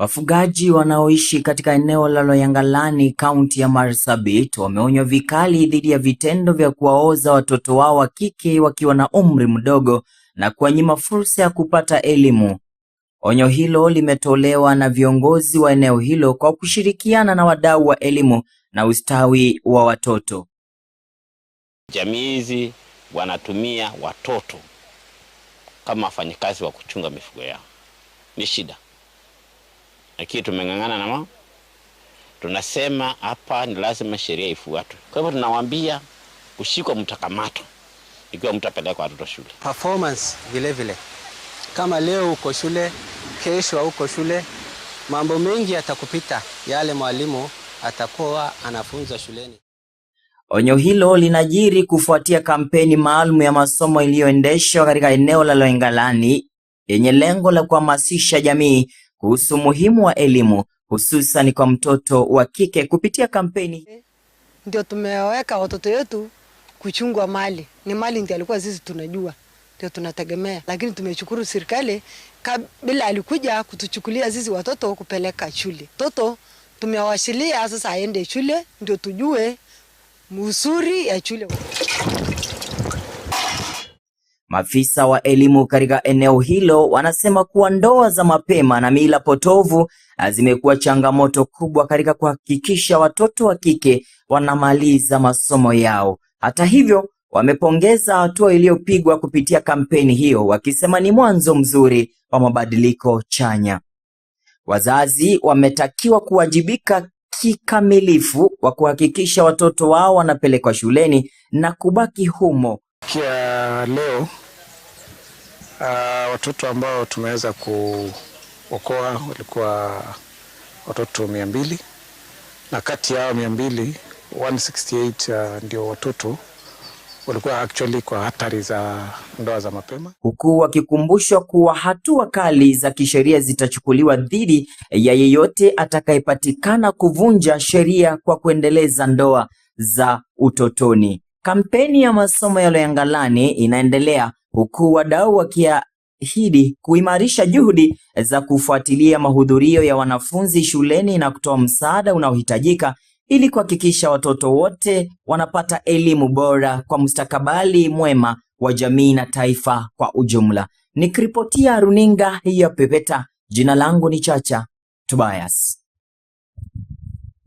Wafugaji wanaoishi katika eneo la Loyangalani kaunti ya Marsabit wameonywa vikali dhidi ya vitendo vya kuwaoza watoto wao wa kike wakiwa na umri mdogo na kuwanyima fursa ya kupata elimu. Onyo hilo limetolewa na viongozi wa eneo hilo kwa kushirikiana na wadau wa elimu na ustawi wa watoto. Jamii hizi wanatumia watoto kama wafanyakazi wa kuchunga mifugo yao, ni shida lakini tumeng'ang'ana na tunasema hapa ni lazima sheria ifuatwe. Kwa hivyo tunawaambia kushikwa, mtakamato ikiwa mtu apeleka watoto shule. Performance vile vile, kama leo uko shule, kesho uko shule, mambo mengi yatakupita yale mwalimu atakuwa anafunza shuleni. Onyo hilo linajiri kufuatia kampeni maalum ya masomo iliyoendeshwa katika eneo la Loengalani yenye lengo la kuhamasisha jamii kuhusu umuhimu wa elimu hususan kwa mtoto wa kike kupitia kampeni. Ndio tumeweka watoto wetu kuchungwa mali, ni mali ndio alikuwa sisi tunajua ndio tunategemea, lakini tumeshukuru serikali bila alikuja kutuchukulia sisi watoto kupeleka shule. Toto tumewashilia sasa aende shule, ndio tujue musuri ya shule. Maafisa wa elimu katika eneo hilo wanasema kuwa ndoa za mapema na mila potovu ah, zimekuwa changamoto kubwa katika kuhakikisha watoto wa kike wanamaliza masomo yao. Hata hivyo, wamepongeza hatua iliyopigwa kupitia kampeni hiyo, wakisema ni mwanzo mzuri wa mabadiliko chanya. Wazazi wametakiwa kuwajibika kikamilifu wa kuhakikisha watoto wao wanapelekwa shuleni na kubaki humo kufikia leo uh, watoto ambao tumeweza kuokoa walikuwa watoto mia mbili na kati yao mia mbili 168 uh, ah, ndio watoto walikuwa actually kwa hatari za ndoa za mapema, huku wakikumbushwa kuwa hatua kali za kisheria zitachukuliwa dhidi ya yeyote atakayepatikana kuvunja sheria kwa kuendeleza ndoa za utotoni. Kampeni ya masomo ya Loyangalani inaendelea huku wadau wakiahidi kuimarisha juhudi za kufuatilia mahudhurio ya wanafunzi shuleni na kutoa msaada unaohitajika ili kuhakikisha watoto wote wanapata elimu bora kwa mustakabali mwema wa jamii na taifa kwa ujumla. Nikiripotia runinga ya Pepeta, jina langu ni Chacha Tobias.